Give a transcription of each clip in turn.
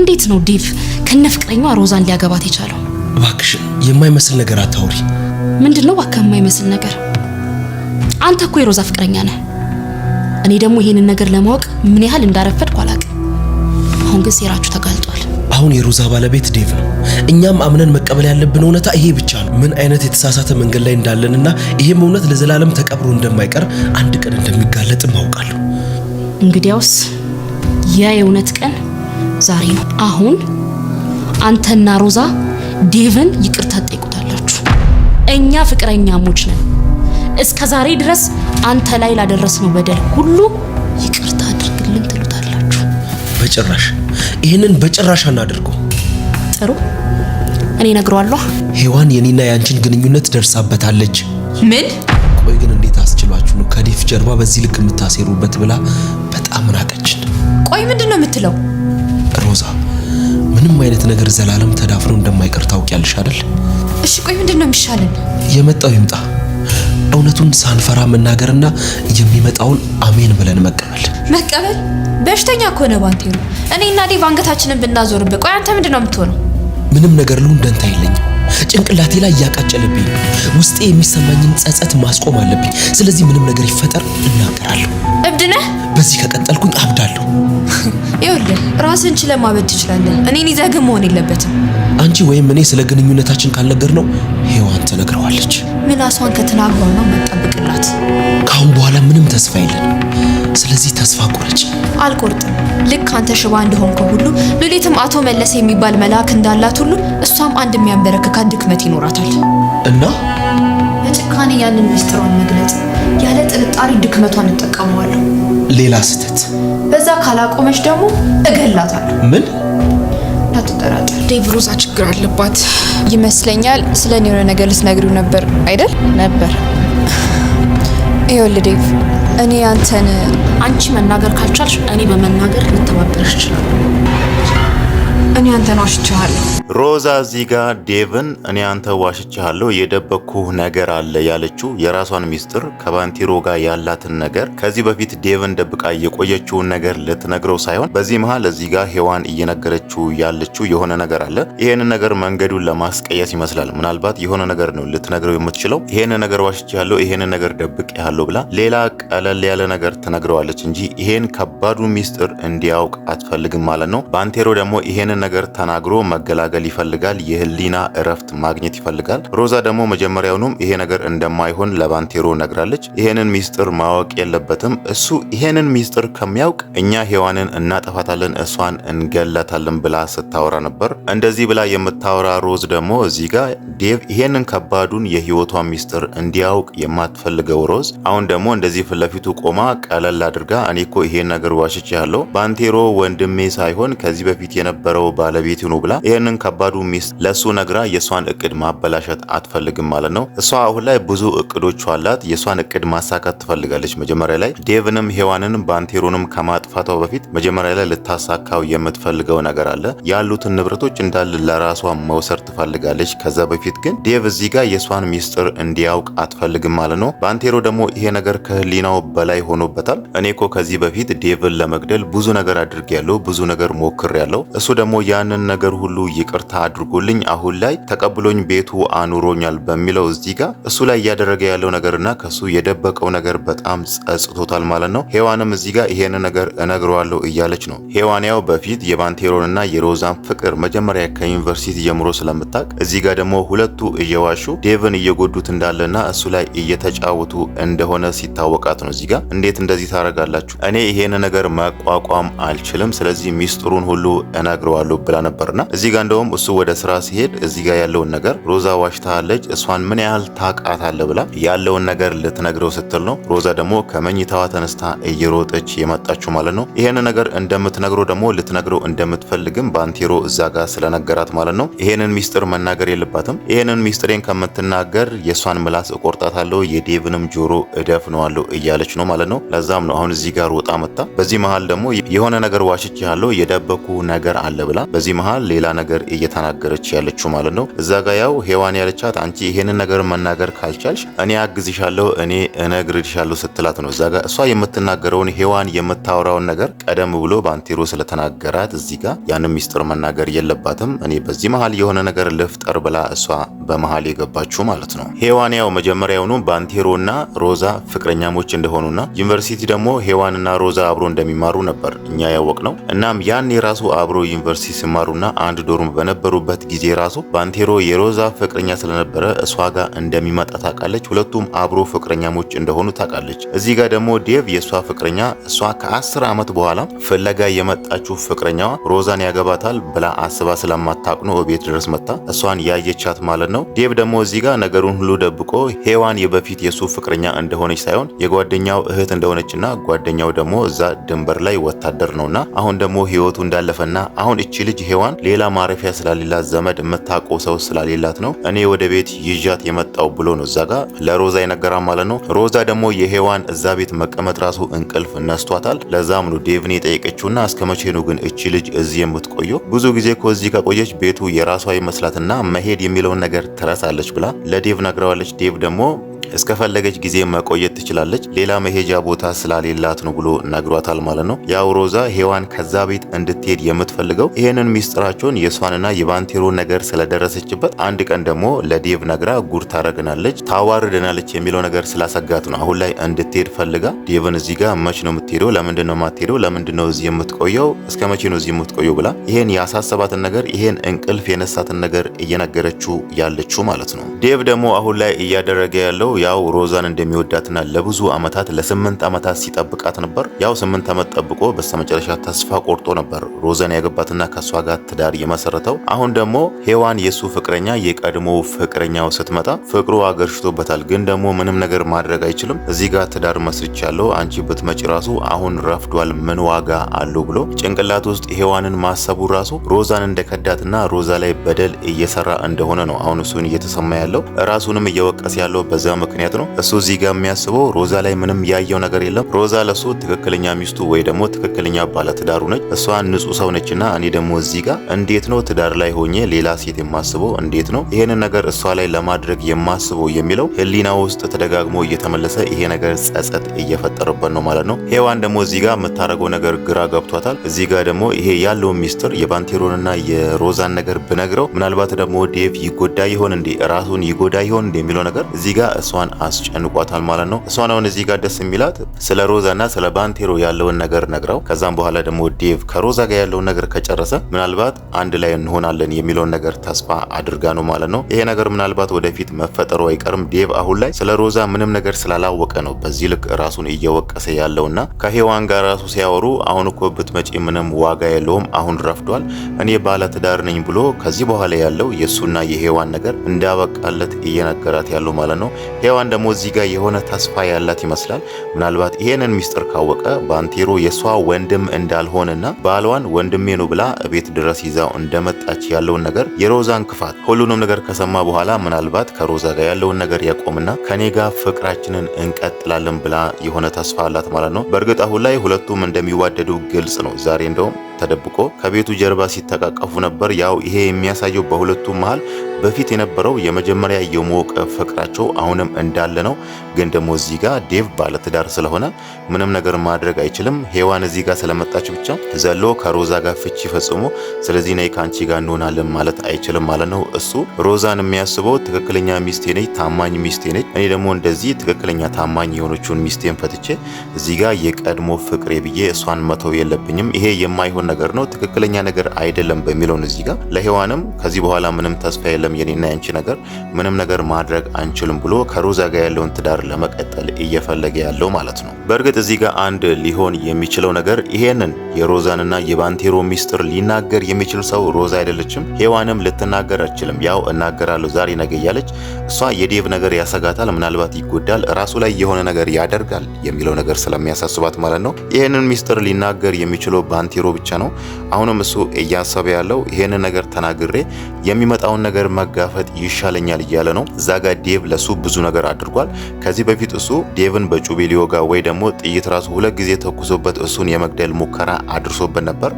እንዴት ነው ዴቭ ከነ ፍቅረኛዋ ሮዛን ሊያገባት የቻለው? እባክሽ የማይመስል ነገር አታውሪ። ምንድን ነው እባክህ የማይመስል ነገር? አንተ እኮ የሮዛ ፍቅረኛ ነህ። እኔ ደግሞ ይሄንን ነገር ለማወቅ ምን ያህል እንዳረፈድኩ አላውቅም። አሁን ግን ሴራችሁ ተጋልጧል። አሁን የሮዛ ባለቤት ዴቭ ነው። እኛም አምነን መቀበል ያለብን እውነታ ይሄ ብቻ ነው። ምን አይነት የተሳሳተ መንገድ ላይ እንዳለንና ይሄም እውነት ለዘላለም ተቀብሮ እንደማይቀር አንድ ቀን እንደሚጋለጥ አውቃለሁ። እንግዲያውስ ያ የእውነት ቀን ዛሬ ነው። አሁን አንተና ሮዛ ዴቭን ይቅርታ ትጠይቁታላችሁ። እኛ ፍቅረኛሞች ነን። እስከ ዛሬ ድረስ አንተ ላይ ላደረስነው በደል ሁሉ ይቅርታ አድርግልን ትሉታላችሁ። በጭራሽ ይህንን በጭራሽ አናደርገው። ጥሩ እኔ ነግሯለሁ። ሄዋን የኔና የአንቺን ግንኙነት ደርሳበታለች። ምን? ቆይ ግን እንዴት አስችሏችሁ ነው ከዴቭ ጀርባ በዚህ ልክ የምታሴሩበት? ብላ በጣም ናቀችን። ቆይ ምንድን ነው የምትለው? ምንም አይነት ነገር ዘላለም ተዳፍኖ እንደማይቀር ታውቂያለሽ አይደል? እሺ ቆይ ምንድን ነው የሚሻለን? የመጣው ይምጣ። እውነቱን ሳንፈራ መናገርና የሚመጣውን አሜን ብለን መቀበል መቀበል። በሽተኛ ከሆነ ባንቴሩ እኔ እና ዴቭ አንገታችንን ቆይ አንተ ምንድን ነው የምትሆነው? ምንም ነገር ልሁን ደንታ የለኝም። ጭንቅላቴ ላይ እያቃጨለብኝ ነው። ውስጤ የሚሰማኝን ጸጸት ማስቆም አለብኝ። ስለዚህ ምንም ነገር ይፈጠር እናገራለሁ። እብድ ነህ። በዚህ ከቀጠልኩኝ አብዳለሁ። ይኸውልህ ራስን ችለህ ማበድ ትችላለህ። እኔን ይዘህ ግን መሆን የለበትም። አንቺ ወይም እኔ ስለ ግንኙነታችን ካልነገር ነው ሔዋን ትነግረዋለች። ምላሷን ከተናግሯ ነው መጠብቅላት። ከአሁን በኋላ ምንም ተስፋ የለን። ስለዚህ ተስፋ ቁረጭ። አልቆርጥም። ልክ አንተ ሽባ እንደሆንከው ሁሉ ምክንያቱም አቶ መለሰ የሚባል መልአክ እንዳላት ሁሉ እሷም አንድ የሚያንበረክካት ድክመት ይኖራታል እና በጭካኔ ያንን ምስጢሯን መግለጽ ያለ ጥርጣሬ ድክመቷን እጠቀመዋለሁ። ሌላ ስህተት። በዛ ካላቆመች ደግሞ እገላታለሁ። ምን? እንዳትጠራጠር ዴቭ፣ ሮዛ ችግር አለባት ይመስለኛል። ስለ እኔ የሆነ ነገር ልትነግሪው ነበር አይደል? ነበር። ይኸውልህ ዴቭ፣ እኔ አንተን አንቺ መናገር ካልቻልሽ እኔ በመናገር ልተባበረሽ እችላለሁ። እኔ አንተን ዋሽቻለሁ። ሮዛ እዚህ ጋር ዴቭን እኔ አንተ ዋሽቻለሁ፣ የደበኩህ ነገር አለ ያለችው የራሷን ሚስጥር ከባንቴሮ ጋር ያላትን ነገር ከዚህ በፊት ዴቭን ደብቃ የቆየችውን ነገር ልትነግረው ሳይሆን በዚህ መሀል እዚህ ጋር ሔዋን እየነገረችው ያለችው የሆነ ነገር አለ። ይሄንን ነገር መንገዱን ለማስቀየስ ይመስላል። ምናልባት የሆነ ነገር ነው ልትነግረው የምትችለው። ይሄንን ነገር ዋሽቻለሁ፣ ይሄንን ነገር ደብቅ ያለው ብላ ሌላ ቀለል ያለ ነገር ትነግረዋለች እንጂ ይሄን ከባዱ ሚስጥር እንዲያውቅ አትፈልግም ማለት ነው። ባንቴሮ ደግሞ ይሄንን ነገር ተናግሮ መገላገል ይፈልጋል። የህሊና እረፍት ማግኘት ይፈልጋል። ሮዛ ደግሞ መጀመሪያውኑም ይሄ ነገር እንደማይሆን ለባንቴሮ ነግራለች። ይሄንን ሚስጥር ማወቅ የለበትም እሱ ይሄንን ሚስጥር ከሚያውቅ እኛ ሔዋንን እናጠፋታለን፣ እሷን እንገላታለን ብላ ስታወራ ነበር። እንደዚህ ብላ የምታወራ ሮዝ ደግሞ እዚህ ጋር ዴቭ ይሄንን ከባዱን የህይወቷ ሚስጥር እንዲያውቅ የማትፈልገው ሮዝ አሁን ደግሞ እንደዚህ ፊት ለፊቱ ቆማ ቀለል አድርጋ እኔ እኮ ይሄን ነገር ዋሽች ያለው ባንቴሮ ወንድሜ ሳይሆን ከዚህ በፊት የነበረው ባለቤት ይሁኑ ብላ ይህንን ከባዱ ሚስት ለእሱ ነግራ የእሷን እቅድ ማበላሸት አትፈልግም ማለት ነው። እሷ አሁን ላይ ብዙ እቅዶች አላት። የእሷን እቅድ ማሳካት ትፈልጋለች። መጀመሪያ ላይ ዴቭንም ሔዋንንም ባንቴሮንም ከማጥፋቷ በፊት መጀመሪያ ላይ ልታሳካው የምትፈልገው ነገር አለ። ያሉትን ንብረቶች እንዳለ ለራሷ መውሰድ ትፈልጋለች። ከዛ በፊት ግን ዴቭ እዚህ ጋር የእሷን ሚስጥር እንዲያውቅ አትፈልግም ማለት ነው። ባንቴሮ ደግሞ ይሄ ነገር ከህሊናው በላይ ሆኖበታል። እኔ እኮ ከዚህ በፊት ዴቭን ለመግደል ብዙ ነገር አድርጌያለሁ፣ ብዙ ነገር ሞክሬያለሁ። እሱ ደግሞ ያንን ነገር ሁሉ ይቅርታ አድርጎልኝ አሁን ላይ ተቀብሎኝ ቤቱ አኑሮኛል በሚለው እዚህ ጋር እሱ ላይ እያደረገ ያለው ነገርና ከሱ የደበቀው ነገር በጣም ጸጽቶታል ማለት ነው። ሄዋንም እዚህ ጋር ይሄን ነገር እነግረዋለሁ እያለች ነው። ሄዋን ያው በፊት የባንቴሮንና የሮዛን ፍቅር መጀመሪያ ከዩኒቨርሲቲ ጀምሮ ስለምታውቅ እዚህ ጋር ደግሞ ሁለቱ እየዋሹ ዴቭን እየጎዱት እንዳለና እሱ ላይ እየተጫወቱ እንደሆነ ሲታወቃት ነው። እዚህ ጋር እንዴት እንደዚህ ታደርጋላችሁ? እኔ ይሄን ነገር መቋቋም አልችልም። ስለዚህ ሚስጥሩን ሁሉ እነግረዋለሁ እሄዳለሁ ብላ ነበርና እዚህ ጋር እንደውም እሱ ወደ ስራ ሲሄድ እዚህ ጋር ያለውን ነገር ሮዛ ዋሽታለች፣ እሷን ምን ያህል አለ ብላ ያለውን ነገር ልትነግረው ስትል ነው። ሮዛ ደግሞ ከመኝታዋ ተነስታ እየሮጠች የመጣችው ማለት ነው። ይሄን ነገር እንደምትነግረው ደግሞ ልትነግረው እንደምትፈልግም ባንቴሮ እዛ ጋር ስለነገራት ማለት ነው። ይሄንን ሚስጥር መናገር የለባትም። ይሄንን ሚስጥሬን ከምትናገር የእሷን ምላስ እቆርጣታለሁ፣ የዴቭንም ጆሮ እደፍነዋለሁ እያለች ነው ማለት ነው። ለዛም ነው አሁን እዚህ ጋር ወጣ መጣ። በዚህ መሀል ደግሞ የሆነ ነገር ዋሽች ያለው የደበኩ ነገር አለ ብላ በዚህ መሀል ሌላ ነገር እየተናገረች ያለችው ማለት ነው። እዛ ጋ ያው ሄዋን ያለቻት አንቺ ይሄንን ነገር መናገር ካልቻልሽ እኔ አግዝሻለሁ፣ እኔ እነግርልሻለሁ ስትላት ነው። እዛ ጋ እሷ የምትናገረውን ሄዋን የምታወራውን ነገር ቀደም ብሎ ባንቴሮ ስለተናገራት እዚህ ጋ ያን ሚስጥር መናገር የለባትም እኔ በዚህ መሀል የሆነ ነገር ልፍጠር ብላ እሷ በመሀል የገባችው ማለት ነው። ሄዋን ያው መጀመሪያውኑ ባንቴሮና ሮዛ ፍቅረኛሞች እንደሆኑና ዩኒቨርሲቲ ደግሞ ሔዋንና ሮዛ አብሮ እንደሚማሩ ነበር እኛ ያወቅ ነው። እናም ያን የራሱ አብሮ ዩኒቨርሲቲ ሲማሩና አንድ ዶርም በነበሩበት ጊዜ ራሱ ባንቴሮ የሮዛ ፍቅረኛ ስለነበረ እሷ ጋር እንደሚመጣ ታውቃለች። ሁለቱም አብሮ ፍቅረኛሞች እንደሆኑ ታውቃለች። እዚህ ጋር ደግሞ ዴቭ የእሷ ፍቅረኛ እሷ ከአስር ዓመት በኋላ ፍለጋ የመጣችው ፍቅረኛዋ ሮዛን ያገባታል ብላ አስባ ስለማታቅኖ ቤት ድረስ መጣ እሷን ያየቻት ማለት ነው። ዴቭ ደግሞ እዚህ ጋር ነገሩን ሁሉ ደብቆ ሄዋን የበፊት የሱ ፍቅረኛ እንደሆነች ሳይሆን የጓደኛው እህት እንደሆነችና ጓደኛው ደግሞ እዛ ድንበር ላይ ወታደር ነውና አሁን ደግሞ ህይወቱ እንዳለፈና አሁን እቺ ልጅ ሔዋን ሌላ ማረፊያ ስለሌላት ዘመድ የምታውቀው ሰው ስለሌላት ነው እኔ ወደ ቤት ይዣት የመጣው ብሎ ነው እዛ ጋ ለሮዛ ይነገራ ማለት ነው። ሮዛ ደግሞ የሔዋን እዛ ቤት መቀመጥ ራሱ እንቅልፍ ነስቷታል። ለዛም ነው ዴቭን የጠየቀችውና እስከ መቼ ነው ግን እቺ ልጅ እዚህ የምትቆየው? ብዙ ጊዜ እኮ እዚህ ከቆየች ቤቱ የራሷ ይመስላትና መሄድ የሚለውን ነገር ትረሳለች ብላ ለዴቭ ነግረዋለች። ዴቭ ደግሞ እስከፈለገች ጊዜ መቆየት ትችላለች፣ ሌላ መሄጃ ቦታ ስላሌላት ነው ብሎ ነግሯታል ማለት ነው። ያው ሮዛ ሄዋን ከዛ ቤት እንድትሄድ የምትፈልገው ይህንን ሚስጥራቸውን የእሷንና የባንቴሮ ነገር ስለደረሰችበት አንድ ቀን ደግሞ ለዴቭ ነግራ ጉር ታረግናለች፣ ታዋርደናለች የሚለው ነገር ስላሰጋት ነው አሁን ላይ እንድትሄድ ፈልጋ ዴቭን እዚህ ጋር መች ነው የምትሄደው? ለምንድን ነው የማትሄደው? ለምንድን ነው እዚህ የምትቆየው? እስከ መቼ ነው እዚህ የምትቆየው? ብላ ይሄን ያሳሰባትን ነገር ይሄን እንቅልፍ የነሳትን ነገር እየነገረችው ያለችው ማለት ነው። ዴቭ ደግሞ አሁን ላይ እያደረገ ያለው ያው ሮዛን እንደሚወዳትና ለብዙ አመታት ለስምንት አመታት ሲጠብቃት ነበር። ያው ስምንት አመት ጠብቆ በስተመጨረሻ ተስፋ ቆርጦ ነበር ሮዛን ያገባትና ከእሷ ጋር ትዳር የመሰረተው። አሁን ደግሞ ሄዋን የእሱ ፍቅረኛ የቀድሞ ፍቅረኛው ስትመጣ ፍቅሩ አገርሽቶበታል። ግን ደግሞ ምንም ነገር ማድረግ አይችልም። እዚህ ጋር ትዳር መስርቻለሁ አንቺ ብትመጪ ራሱ አሁን ረፍዷል፣ ምን ዋጋ አለው ብሎ ጭንቅላት ውስጥ ሄዋንን ማሰቡ ራሱ ሮዛን እንደከዳትና ሮዛ ላይ በደል እየሰራ እንደሆነ ነው አሁን እሱን እየተሰማ ያለው ራሱንም እየወቀስ ያለው በዛ ምክንያት ነው። እሱ እዚህ ጋር የሚያስበው ሮዛ ላይ ምንም ያየው ነገር የለም። ሮዛ ለሱ ትክክለኛ ሚስቱ ወይ ደግሞ ትክክለኛ ባለ ትዳሩ ነች። እሷ ንጹህ ሰው ነችና እኔ ደግሞ እዚህ ጋር እንዴት ነው ትዳር ላይ ሆኜ ሌላ ሴት የማስበው? እንዴት ነው ይሄንን ነገር እሷ ላይ ለማድረግ የማስበው የሚለው ህሊና ውስጥ ተደጋግሞ እየተመለሰ ይሄ ነገር ጸጸት እየፈጠረበት ነው ማለት ነው። ሄዋን ደግሞ እዚህ ጋር የምታደርገው ነገር ግራ ገብቷታል። እዚህ ጋር ደግሞ ይሄ ያለውን ሚስጥር የባንቴሮንና የሮዛን ነገር ብነግረው ምናልባት ደግሞ ዴቭ ይጎዳ ይሆን እንዴ ራሱን ይጎዳ ይሆን እንዴ የሚለው ነገር እዚህ ጋር እሷን አስጨንቋታል ማለት ነው። እሷን አሁን እዚህ ጋር ደስ የሚላት ስለ ሮዛ እና ስለ ባንቴሮ ያለውን ነገር ነግረው ከዛም በኋላ ደግሞ ዴቭ ከሮዛ ጋር ያለውን ነገር ከጨረሰ ምናልባት አንድ ላይ እንሆናለን የሚለውን ነገር ተስፋ አድርጋ ነው ማለት ነው። ይሄ ነገር ምናልባት ወደፊት መፈጠሩ አይቀርም። ዴቭ አሁን ላይ ስለ ሮዛ ምንም ነገር ስላላወቀ ነው በዚህ ልክ ራሱን እየወቀሰ ያለውና ከሄዋን ጋር ራሱ ሲያወሩ አሁን እኮ ብትመጪ ምንም ዋጋ የለውም አሁን ረፍዷል፣ እኔ ትዳር ነኝ ብሎ ከዚህ በኋላ ያለው የእሱና የሄዋን ነገር እንዳበቃለት እየነገራት ያለው ማለት ነው። ሔዋን ደግሞ እዚህ ጋር የሆነ ተስፋ ያላት ይመስላል። ምናልባት ይሄንን ሚስጥር ካወቀ ባንቴሮ የሷ ወንድም እንዳልሆነና ባሏን ወንድሜ ነው ብላ እቤት ድረስ ይዛው እንደመጣች ያለውን ነገር የሮዛን ክፋት፣ ሁሉንም ነገር ከሰማ በኋላ ምናልባት ከሮዛ ጋር ያለውን ነገር ያቆምና ከኔ ጋር ፍቅራችንን እንቀጥላለን ብላ የሆነ ተስፋ አላት ማለት ነው። በእርግጥ አሁን ላይ ሁለቱም እንደሚዋደዱ ግልጽ ነው። ዛሬ እንደውም ተደብቆ ከቤቱ ጀርባ ሲተቃቀፉ ነበር። ያው ይሄ የሚያሳየው በሁለቱ መሀል በፊት የነበረው የመጀመሪያ የሞቀ ፍቅራቸው አሁንም እንዳለ ነው። ግን ደግሞ እዚህ ጋር ዴቭ ባለትዳር ስለሆነ ምንም ነገር ማድረግ አይችልም። ሄዋን እዚህ ጋር ስለመጣች ብቻ ዘሎ ከሮዛ ጋር ፍቺ ፈጽሞ ስለዚህ ነይ ከአንቺ ጋር እንሆናለን ማለት አይችልም ማለት ነው። እሱ ሮዛን የሚያስበው ትክክለኛ ሚስቴ ነች፣ ታማኝ ሚስቴ ነች። እኔ ደግሞ እንደዚህ ትክክለኛ ታማኝ የሆነችውን ሚስቴን ፈትቼ እዚህ ጋር የቀድሞ ፍቅሬ ብዬ እሷን መተው የለብኝም። ይሄ የማይሆን ነገር ነው፣ ትክክለኛ ነገር አይደለም በሚለውን እዚህ ጋር ለሔዋንም ከዚህ በኋላ ምንም ተስፋ የለም የኔና ያንቺ ነገር ምንም ነገር ማድረግ አንችልም ብሎ ከሮዛ ጋር ያለውን ትዳር ለመቀጠል እየፈለገ ያለው ማለት ነው። በእርግጥ እዚህ ጋር አንድ ሊሆን የሚችለው ነገር ይሄንን የሮዛንና የባንቴሮ ሚስጥር ሊናገር የሚችል ሰው ሮዛ አይደለችም። ሔዋንም ልትናገር አችልም። ያው እናገራለሁ ዛሬ ነገ እያለች እሷ የዴቭ ነገር ያሰጋታል፣ ምናልባት ይጎዳል፣ ራሱ ላይ የሆነ ነገር ያደርጋል የሚለው ነገር ስለሚያሳስባት ማለት ነው። ይህንን ሚስጥር ሊናገር የሚችለው ባንቴሮ ብቻ ነው። ነው። አሁንም እሱ እያሰበ ያለው ይሄንን ነገር ተናግሬ የሚመጣውን ነገር መጋፈጥ ይሻለኛል እያለ ነው። እዛ ጋር ዴቭ ለሱ ብዙ ነገር አድርጓል። ከዚህ በፊት እሱ ዴቭን በጩቤ ሊወጋ ወይ ደግሞ ጥይት ራሱ ሁለት ጊዜ ተኩሶበት እሱን የመግደል ሙከራ አድርሶበት ነበር።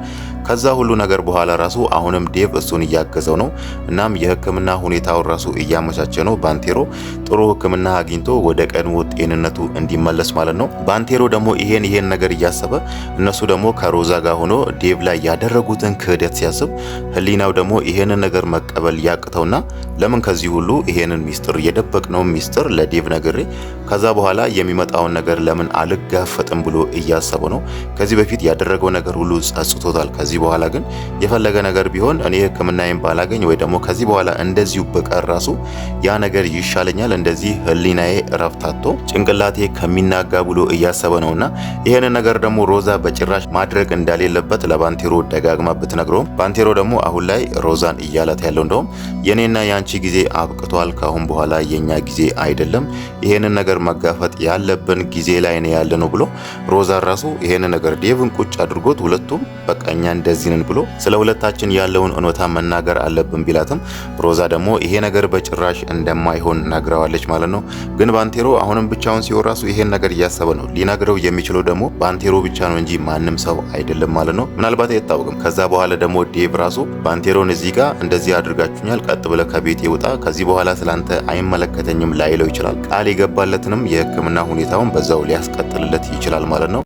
ከዛ ሁሉ ነገር በኋላ ራሱ አሁንም ዴቭ እሱን እያገዘው ነው። እናም የህክምና ሁኔታውን ራሱ እያመቻቸ ነው። ባንቴሮ ጥሩ ህክምና አግኝቶ ወደ ቀድሞ ጤንነቱ እንዲመለስ ማለት ነው። ባንቴሮ ደግሞ ይሄን ይሄን ነገር እያሰበ እነሱ ደግሞ ከሮዛ ጋር ሆኖ ዴቭ ላይ ያደረጉትን ክህደት ሲያስብ ህሊናው ደግሞ ይሄንን ነገር መቀበል ያቅተውና ለምን ከዚህ ሁሉ ይሄንን ሚስጥር የደበቅነው ሚስጥር ለዴቭ ነግሬ ከዛ በኋላ የሚመጣውን ነገር ለምን አልጋፈጥም ብሎ እያሰበ ነው። ከዚህ በፊት ያደረገው ነገር ሁሉ ጸጽቶታል። ከዚህ በኋላ ግን የፈለገ ነገር ቢሆን እኔ ሕክምናዬን ባላገኝ ወይ ደግሞ ከዚህ በኋላ እንደዚሁ ብቀር ራሱ ያ ነገር ይሻለኛል፣ እንደዚህ ህሊናዬ እረፍት ጭንቅላቴ ከሚናጋ ብሎ እያሰበ ነውና ይሄንን ነገር ደግሞ ሮዛ በጭራሽ ማድረግ እንዳሌለበት ለባንቴሮ ደጋግማ ብትነግረውም ባንቴሮ ደግሞ አሁን ላይ ሮዛን እያላት ያለው እንደውም የኔና የአንቺ ጊዜ አብቅቷል፣ ካሁን በኋላ የኛ ጊዜ አይደለም፣ ይሄንን ነገር መጋፈጥ ያለብን ጊዜ ላይ ነው ያለ ነው ብሎ ሮዛን ራሱ ይሄንን ነገር ዴቭን ቁጭ አድርጎት ሁለቱም በቃ እኛ እንደዚህ ነን ብሎ ስለ ሁለታችን ያለውን እውነታ መናገር አለብን ቢላትም ሮዛ ደግሞ ይሄ ነገር በጭራሽ እንደማይሆን ነግረዋለች ማለት ነው። ግን ባንቴሮ አሁንም ብቻውን ሲሆን ራሱ ይሄን ነገር እያሰበ ነው። ሊነግረው የሚችለው ደግሞ ባንቴሮ ብቻ ነው እንጂ ማንም ሰው አይደለም ማለት ነው። ምናልባት አይታወቅም። ከዛ በኋላ ደግሞ ዴቭ ራሱ ባንቴሮን እዚህ ጋር እንደዚህ አድርጋችሁኛል፣ ቀጥ ብለ ከቤት ይውጣ፣ ከዚህ በኋላ ስላንተ አይመለከተኝም ላይለው ይችላል። ቃል የገባለትንም የህክምና ሁኔታውን በዛው ሊያስቀጥልለት ይችላል ማለት ነው።